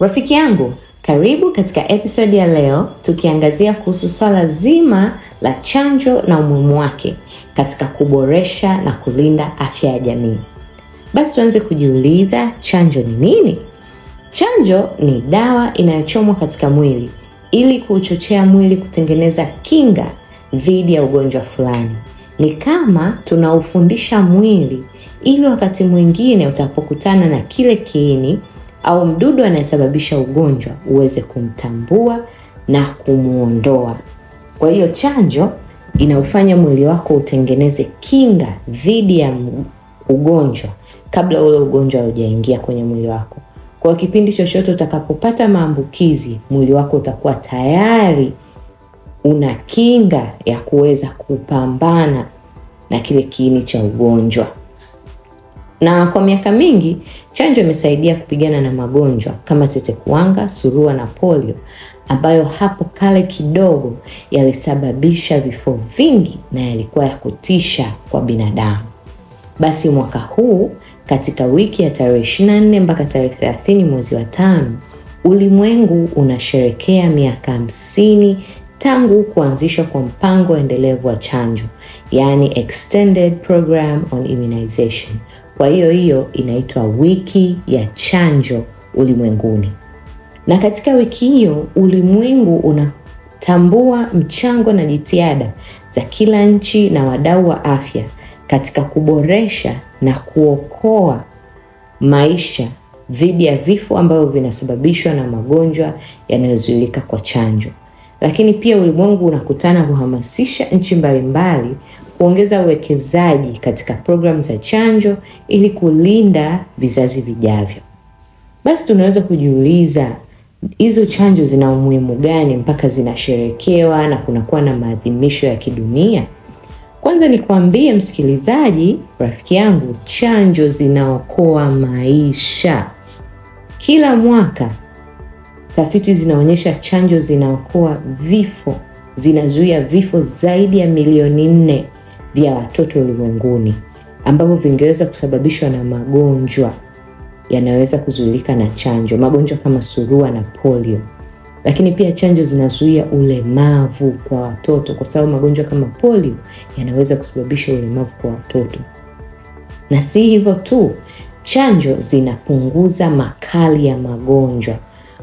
Rafiki yangu, karibu katika episodi ya leo tukiangazia kuhusu swala zima la chanjo na umuhimu wake katika kuboresha na kulinda afya ya jamii. Basi tuanze kujiuliza, chanjo ni nini? Chanjo ni dawa inayochomwa katika mwili ili kuuchochea mwili kutengeneza kinga dhidi ya ugonjwa fulani. Ni kama tunaufundisha mwili ili wakati mwingine utapokutana na kile kiini au mdudu anayesababisha ugonjwa uweze kumtambua na kumwondoa. Kwa hiyo chanjo inaufanya mwili wako utengeneze kinga dhidi ya ugonjwa kabla ule ugonjwa haujaingia kwenye mwili wako. Kwa kipindi chochote utakapopata maambukizi, mwili wako utakuwa tayari una kinga ya kuweza kupambana na kile kiini cha ugonjwa na kwa miaka mingi chanjo imesaidia kupigana na magonjwa kama tetekuanga surua na polio ambayo hapo kale kidogo yalisababisha vifo vingi na yalikuwa ya kutisha kwa binadamu. Basi mwaka huu katika wiki ya tarehe 24 mpaka tarehe 30 mwezi wa tano, ulimwengu unasherekea miaka hamsini tangu kuanzishwa kwa mpango endelevu wa chanjo, yaani Extended Program on Immunization kwa hiyo hiyo inaitwa wiki ya chanjo ulimwenguni, na katika wiki hiyo ulimwengu unatambua mchango na jitihada za kila nchi na wadau wa afya katika kuboresha na kuokoa maisha dhidi ya vifo ambavyo vinasababishwa na magonjwa yanayozuilika kwa chanjo. Lakini pia ulimwengu unakutana kuhamasisha nchi mbalimbali kuongeza uwekezaji katika programu za chanjo ili kulinda vizazi vijavyo. Basi tunaweza kujiuliza hizo chanjo zina umuhimu gani mpaka zinasherekewa na kunakuwa na maadhimisho ya kidunia? Kwanza nikwambie msikilizaji, rafiki yangu, chanjo zinaokoa maisha. Kila mwaka tafiti zinaonyesha chanjo zinaokoa vifo, zinazuia vifo zaidi ya milioni nne vya watoto ulimwenguni ambavyo vingeweza kusababishwa na magonjwa yanayoweza kuzuilika na chanjo, magonjwa kama surua na polio. Lakini pia chanjo zinazuia ulemavu kwa watoto, kwa sababu magonjwa kama polio yanaweza kusababisha ulemavu kwa watoto. Na si hivyo tu, chanjo zinapunguza makali ya magonjwa.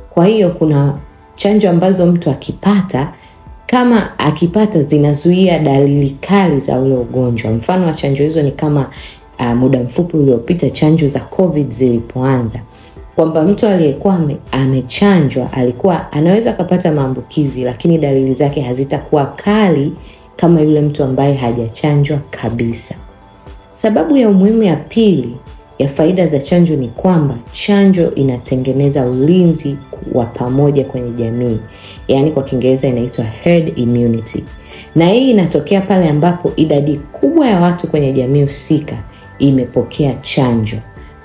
Kwa hiyo kuna chanjo ambazo mtu akipata kama akipata zinazuia dalili kali za ule ugonjwa. Mfano wa chanjo hizo ni kama uh, muda mfupi uliopita chanjo za COVID zilipoanza kwamba mtu aliyekuwa amechanjwa alikuwa anaweza akapata maambukizi, lakini dalili zake hazitakuwa kali kama yule mtu ambaye hajachanjwa kabisa. Sababu ya umuhimu ya pili ya faida za chanjo ni kwamba chanjo inatengeneza ulinzi wa pamoja kwenye jamii, yaani kwa Kiingereza inaitwa herd immunity, na hii inatokea pale ambapo idadi kubwa ya watu kwenye jamii husika imepokea chanjo.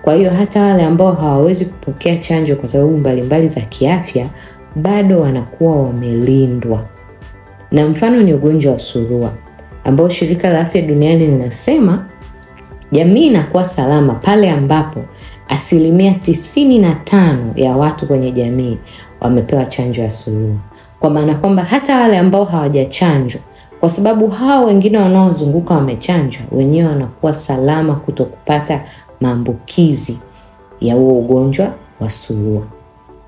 Kwa hiyo hata wale ambao hawawezi kupokea chanjo kwa sababu mbalimbali za kiafya bado wanakuwa wamelindwa, na mfano ni ugonjwa wa surua ambao shirika la afya duniani linasema Jamii inakuwa salama pale ambapo asilimia 95 ya watu kwenye jamii wamepewa chanjo ya surua, kwa maana kwamba hata wale ambao hawajachanjwa, kwa sababu hao wengine wanaozunguka wamechanjwa, wenyewe wanakuwa salama kuto kupata maambukizi ya huo ugonjwa wa surua.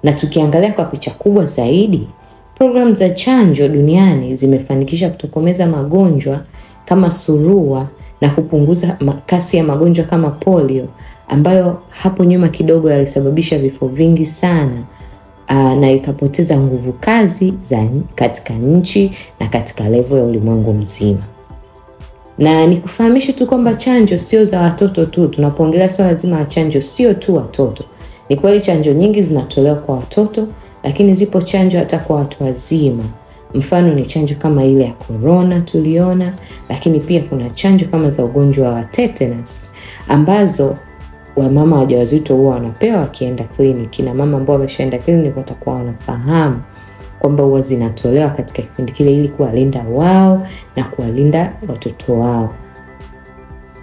Na tukiangalia kwa picha kubwa zaidi, programu za chanjo duniani zimefanikisha kutokomeza magonjwa kama surua na kupunguza kasi ya magonjwa kama polio ambayo hapo nyuma kidogo yalisababisha vifo vingi sana aa, ah, na ikapoteza nguvu kazi za katika nchi na katika levo ya ulimwengu mzima na nikufahamishe tu kwamba chanjo sio za watoto tu tunapoongelea swala zima la chanjo sio tu watoto ni kweli chanjo nyingi zinatolewa kwa watoto lakini zipo chanjo hata kwa watu wazima Mfano ni chanjo kama ile ya korona tuliona, lakini pia kuna chanjo kama za ugonjwa wa tetanus ambazo wamama wajawazito huwa wanapewa wakienda kliniki, na mama ambao wameshaenda kliniki watakuwa wanafahamu kwamba huwa zinatolewa katika kipindi kile ili kuwalinda wao na kuwalinda watoto wao.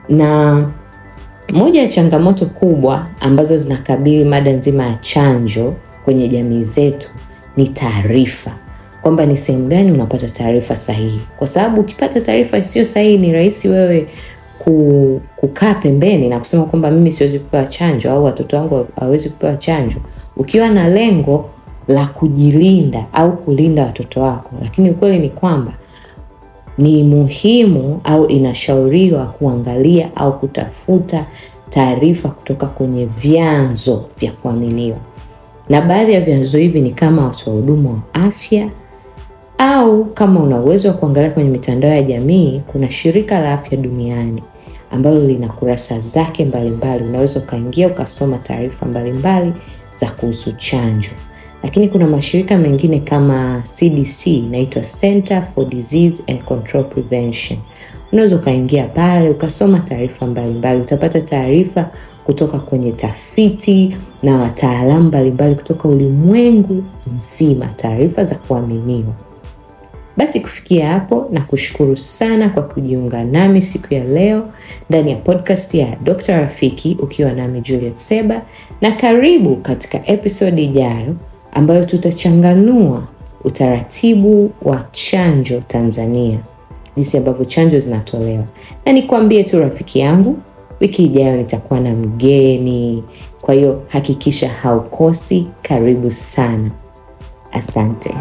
Na moja ya changamoto kubwa ambazo zinakabili mada nzima ya chanjo kwenye jamii zetu ni taarifa kwamba ni sehemu gani unapata taarifa sahihi, kwa sababu ukipata taarifa isiyo sahihi ni rahisi wewe kukaa pembeni na kusema kwamba mimi siwezi kupewa chanjo au watoto wangu hawawezi kupewa chanjo, ukiwa na lengo la kujilinda au kulinda watoto wako. Lakini ukweli ni kwamba ni muhimu au inashauriwa kuangalia au kutafuta taarifa kutoka kwenye vyanzo vya kuaminiwa, na baadhi ya vyanzo hivi ni kama watoa huduma wa afya au kama una uwezo wa kuangalia kwenye mitandao ya jamii, kuna shirika la afya duniani ambalo lina kurasa zake mbalimbali. Unaweza ukaingia ukasoma taarifa mbalimbali za kuhusu chanjo, lakini kuna mashirika mengine kama CDC, inaitwa Center for Disease and Control Prevention. Unaweza ukaingia pale ukasoma taarifa mbalimbali, utapata taarifa kutoka kwenye tafiti na wataalamu mbalimbali kutoka ulimwengu mzima, taarifa za kuaminiwa. Basi kufikia hapo na kushukuru sana kwa kujiunga nami siku ya leo ndani ya podcast ya Dr. Rafiki ukiwa nami Juliet Seba, na karibu katika episodi ijayo ambayo tutachanganua utaratibu wa chanjo Tanzania, jinsi ambavyo chanjo zinatolewa. Na nikwambie tu rafiki yangu, wiki ijayo nitakuwa na mgeni, kwa hiyo hakikisha haukosi. Karibu sana, asante.